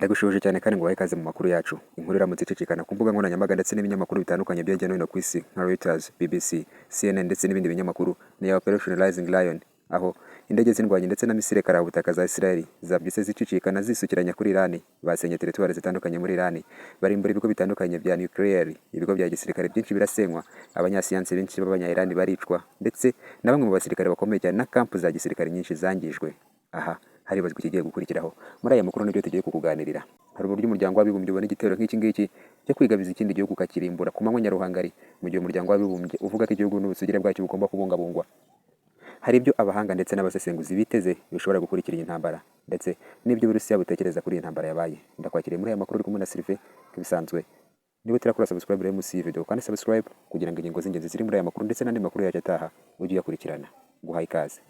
ndagushoje cyane kandi ngo ubahe ikaze mu makuru yacu inkuru iramutse icicikana ku mbuga nkoranyambaga ndetse n'ibinyamakuru bitandukanye byo hirya no hino ku isi nka Reuters BBC CNN ndetse n'ibindi binyamakuru na ya Operation Rising Lion aho indege z'indwanyi ndetse na misile karabutaka za Israeli zabyise zicicikana zisukiranya kuri Iran basenye teritwari zitandukanye muri Iran barimbura ibigo bitandukanye bya nuclear ibigo bya gisirikare byinshi birasenywa abanyasiyansi benshi b'abanya Iran baricwa ndetse na bamwe mu basirikare bakomeye cyane na kampu za gisirikare nyinshi zangijwe aha haribazwa ikigiye gukurikiraho muri aya makuru nibyo tugiye kukuganirira hari uburyo umuryango w'abibumbye ubona igitero nk'iki ngiki cyo kwigabiza ikindi gihugu ukakirimbura ku manywa nyaruhangari mu gihe umuryango w'abibumbye uvuga ko igihugu n'ubusugire bwacyo bugomba kubungabungwa hari ibyo abahanga ndetse n'abasesenguzi biteze bishobora gukurikira iyi ntambara ndetse n'ibyo Uburusiya butekereza kuri iyi ntambara yabaye ndakwakiriye muri aya makuru uri kumwe na Sylvain nk'ibisanzwe niba utarakora subscribe rero munsi iyi kandi subscribe kugira ngo ingingo z'ingenzi ziri muri aya makuru ndetse n'andi makuru yacu ataha ujye uyakurikirana guhaye ikaze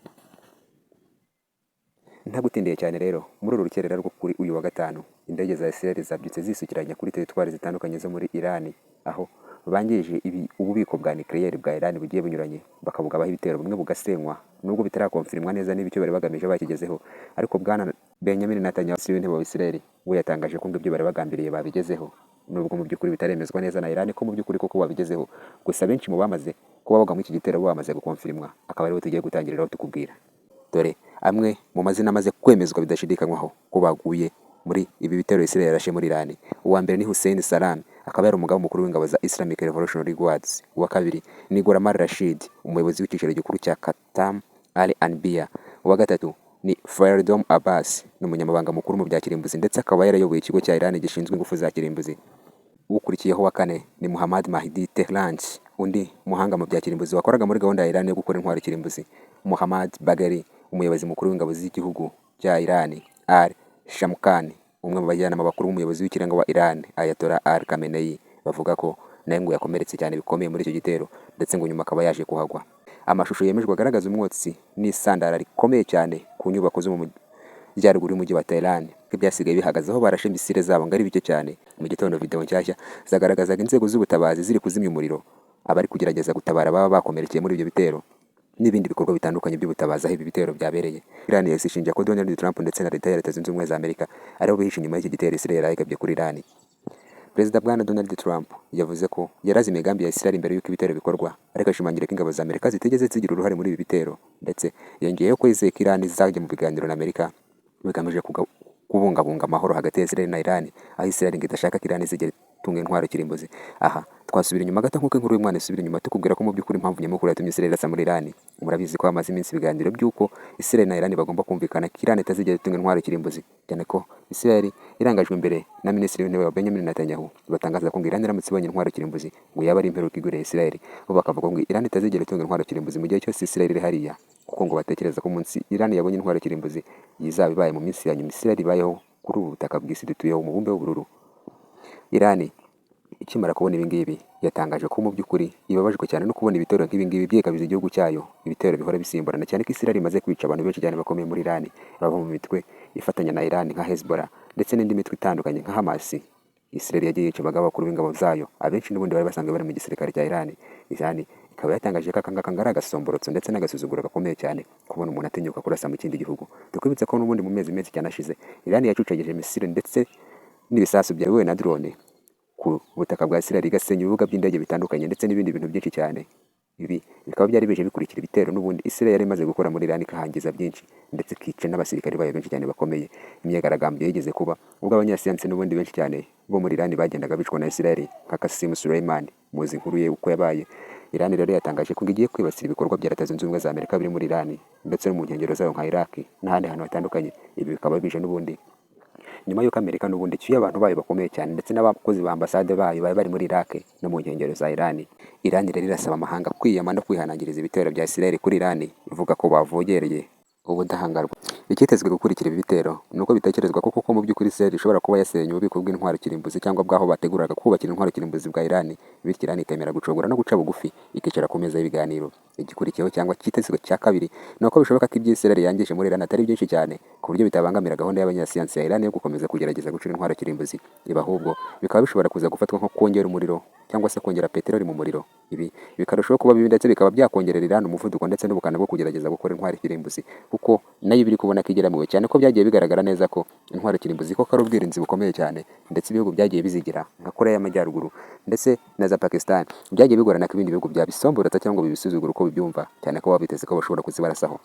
Ntagutindiye cyane rero muri uru rukerera rwo kuri uyu wa gatanu indege za Israel zabyutse zisukiranya kuri teritwari zitandukanye zo muri Iran aho bangije ububiko bwa nucleaire bwa Iran bugiye bunyuranye bakabugabaho ibitero bumwe bugasenywa nubwo bitarakonfirmwa neza n'ibyo bari bagamije bakigezeho ariko bwana Benyamini Netanyahu waziri w'intebe wa Israel we yatangaje ko ibyo bari bagambiriye babigezeho nubwo mu by'ukuri bitaremezwa neza na Iran ko mu by'ukuri koko babigezeho gusa benshi mu bamaze kuba bagwa muri iki gitero bamaze gukonfirmwa akaba aribo tugiye gutangiriraho tukubwira dore amwe mu mazina amaze kwemezwa bidashidikanywaho ko baguye muri ibi bitero Israel yarashe muri Iran uwa mbere ni Hussein Salam akaba yari umugabo mukuru w'ingabo za Islamic Revolutionary Guards uwa kabiri ni Golmar Rashid umuyobozi w'icyicaro gikuru cya Qatam Ali Anbiya uwa gatatu ni Faridom Abbas ni umunyamabanga mukuru mu bya kirimbuzi ndetse akaba yarayoboye ikigo cya Iran gishinzwe ingufu za kirimbuzi ukurikiyeho wa kane ni Muhammad Mahdi Tehranji undi muhanga mu bya kirimbuzi wakoraga muri gahunda ya Iran yo gukora intwaro kirimbuzi Muhammad Bagheri umuyobozi mukuru w'ingabo z'igihugu cya Iran Ali Shamkhani umwe mu bajyanama bakuru b'umuyobozi w'ikirenga wa Iran Ayatollah Ali Khamenei bavuga ko nawe ngo yakomeretse cyane bikomeye muri icyo gitero ndetse ngo nyuma akaba yaje kuhagwa amashusho yemejwe agaragaza umwotsi n'isandara rikomeye cyane ku nyubako zo mu majyaruguru y'umujyi wa Tehran nk'ibyasigaye bihagazeho barashe misile zabo ngo ari cyane mu gitondo video nshyashya zagaragazaga inzego z'ubutabazi ziri kuzimya umuriro abari kugerageza gutabara baba bakomerekeye muri ibyo bitero n'ibindi bikorwa bitandukanye by'ubutabazi aho ibi bitero byabereye irani yose ishinja ko Donald Trump ndetse na leta ya Leta Zunze Ubumwe za Amerika ariho bihishe inyuma y'iki gitero Israel yagabye kuri irani Perezida Bwana Donald Trump yavuze ko yarazi imigambi ya Israel imbere y'uko ibitero bikorwa ariko ashimangira ko ingabo za Amerika zitigeze zigira uruhare muri ibi bitero ndetse yongeyeho ko yizeye ko irani zizajya mu biganiro na Amerika bigamije kubungabunga amahoro hagati ya Israel na irani aho Israel ngo idashaka ko irani zigera gutunga intwari kirimbuzi aha twasubira inyuma gato nk'uko inkuru y'umwana isubira inyuma tukubwira ko mu by'ukuri impamvu nyamukuru yatumye Isirayeli irasa muri Irani murabizi ko hamaze iminsi ibiganiro by'uko Isirayeli na Irani bagomba kumvikana ko Irani itazigera itunga intwari kirimbuzi cyane ko Isirayeli irangajwe imbere na Minisitiri w'Intebe wa Benjamin Netanyahu batangaza ko Irani iramutse ibonye intwari kirimbuzi ngo yaba ari imperuka igureye Isirayeli bo bakavuga ngo Irani itazigera itunga intwari kirimbuzi mu gihe cyose Isirayeli iri hariya kuko ngo batekereza ko umunsi Irani yabonye intwari kirimbuzi yizaba ibaye mu minsi ya nyuma Isirayeli ibayeho kuri ubu butaka bw'isi dutuyeho umubumbe w'ubururu Irani ikimara kubona ibi ngibi yatangaje ko mu by'ukuri ibabajwe cyane no kubona ibitero nk'ibi ngibi byegamiza igihugu cyayo ibitero bihora bisimburana cyane ko Israel imaze kwica abantu benshi cyane bakomeye muri Iran bava mu mitwe ifatanya na Iran nka Hezbollah ndetse n'indi mitwe itandukanye nka Hamas Israel yagiye yica abagabo bakuru b'ingabo zayo abenshi n'ubundi bari basanzwe bari mu gisirikare cya Iran Iran ikaba yatangaje ko akanga kangara agasomborotso ndetse n'agasuzuguro gakomeye cyane kubona umuntu atinyuka kurasa mu kindi gihugu dukubitse ko n'ubundi mu mezi menshi cyane ashize Iran yacucagije Misiri ndetse n'ibisasu byawe na drone ku butaka bwa Isiraheli igasenya ibibuga by'indege bitandukanye ndetse n'ibindi bintu byinshi cyane ibi bikaba byari bije bikurikira ibitero n'ubundi Isiraheli yari imaze gukora muri Irani ikahangiza byinshi ndetse ikica n'abasirikare bayo benshi cyane bakomeye imyigaragambyo yigeze kuba ubwo abanyasiyansi n'ubundi benshi cyane bo muri Irani bagendaga bicwa na Isiraheli nka Kasim Suleiman muzi inkuru ye uko yabaye Irani rero yatangaje ko igiye kwibasira ibikorwa bya Leta Zunze Ubumwe za Amerika biri muri Irani ndetse no mu nkengero zayo nka Iraki n'ahandi hantu hatandukanye ibi bikaba bije n'ubundi nyuma y'uko amerika n'ubundi iciye abantu bayo bakomeye cyane ndetse n'abakozi ba ambasade bayo bari bari muri iraq no mu nkengero za irani irani rero irasaba amahanga kwiyama no kwihanangiriza ibitero bya isirayeli kuri irani ivuga ko bavogereye ubudahangarwa icyitezwe gukurikira ibi bitero ni uko bitekerezwa ko kuko mu by'ukuri seri ishobora kuba yasenye ububiko bw'intwaro kirimbuzi cyangwa bw'aho bateguraga kubakira intwaro kirimbuzi bwa irani bityo irani ikemera gucogora no guca bugufi ikicara ku meza y'ibiganiro igikurikiyeho cyangwa cyitezwe cya kabiri ni uko bishoboka ko ibyo israel yangije muri irani atari byinshi cyane ku buryo bitabangamira gahunda y'abanyasiyansi ya irani yo gukomeza kugerageza gucira intwaro kirimbuzi iba ahubwo bikaba bishobora kuza gufatwa nko kongera umuriro cyangwa se kongera peteroli mu muriro ibi bikarushaho kuba bibi ndetse bikaba byakongerera Iran umuvuduko ndetse n'ubukana bwo kugerageza gukora intwari kirimbuzi kuko nayo biri kubona ko igera mu cyane ko byagiye bigaragara neza ko intwari kirimbuzi koko ari ubwirinzi bukomeye cyane ndetse ibihugu byagiye bizigira nka Korea y'Amajyaruguru ndetse na za Pakistan byagiye bigorana ko ibindi bihugu byabisomborota cyangwa bibisuzugura uko bibyumva cyane ko baba biteze ko bashobora kuzibarasaho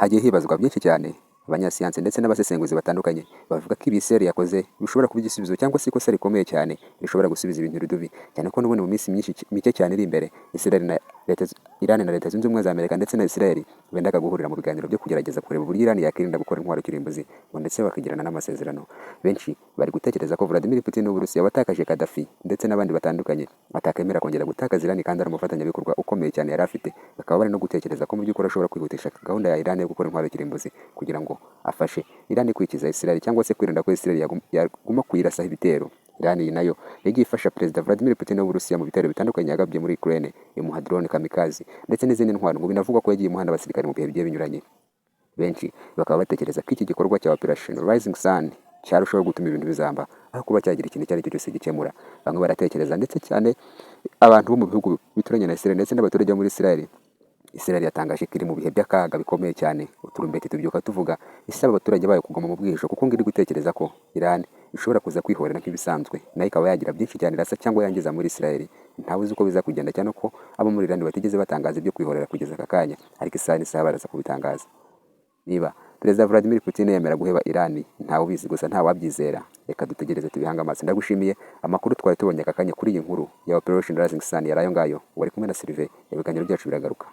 hagiye hibazwa byinshi cyane abanyasiyansi ndetse n'abasesenguzi batandukanye bavuga ko ibiseri yakoze bishobora kuba igisubizo cyangwa se ikosa rikomeye cyane rishobora gusubiza ibintu rudubi cyane ko n'ubundi mu minsi mike cyane iri imbere isi na Irani na Leta Zunze Ubumwe za Amerika ndetse na Israel bendaga guhurira mu biganiro byo kugerageza kureba uburyo Irani yakwirinda gukora intwaro kirimbuzi ngo ndetse bakagirana n'amasezerano benshi bari gutekereza ko Vladimir Putin w'Uburusiya watakaje Gaddafi ndetse n'abandi batandukanye atakemera kongera gutakaza Irani kandi ari umufatanyabikorwa ukomeye cyane yari afite bakaba bari no gutekereza ko mu by'ukuri ashobora kwihutisha gahunda ya Irani yo gukora intwaro kirimbuzi kugira ngo afashe Irani kwikiza Israel cyangwa se kwirinda ko Israel yaguma kuyirasaho ibitero Irani nayo yagiye ifasha Perezida Vladimir Putin w'Uburusiya mu bitero bitandukanye yagabye muri Ukraine, imuha drone kamikazi ndetse n'izindi ntwaro, ngo binavugwa ko yagiye imuhanda abasirikare mu bihe bigiye binyuranye. Benshi bakaba batekereza ko iki gikorwa cya Operation Rising Sun cyarushaho gutuma ibintu bizamba aho kuba cyagira ikintu cyari cyose gikemura. Bamwe baratekereza ndetse cyane abantu bo mu bihugu bituranye na Israel ndetse n'abaturage bo muri Israel Israel yatangaje ko iri mu bihe by'akaga bikomeye cyane, uturumbeti tubyuka tuvuga, isaba abaturage bayo kugoma mu bwihisho kuko ngo iri gutekereza ko Iran bishobora kuza kwihorera nk'ibisanzwe nayo ikaba yagira byinshi cyane irasa cyangwa yangiza muri Israel ntawe uzi uko bizakugenda cyane ko abo muri Iran batigeze batangaza ibyo kwihorera kugeza aka kanya ariko isaha n'isaha baraza kubitangaza niba Perezida Vladimir Putin yemera guheba Irani ntawe ubizi gusa ntawe wabyizera reka dutegereze tubihanga amaso ndagushimiye amakuru twari tubonye aka kanya kuri iyi nkuru ya Operation Rising Sun yari ayo ngayo wari kumwe na Sylvain ibiganiro byacu biragaruka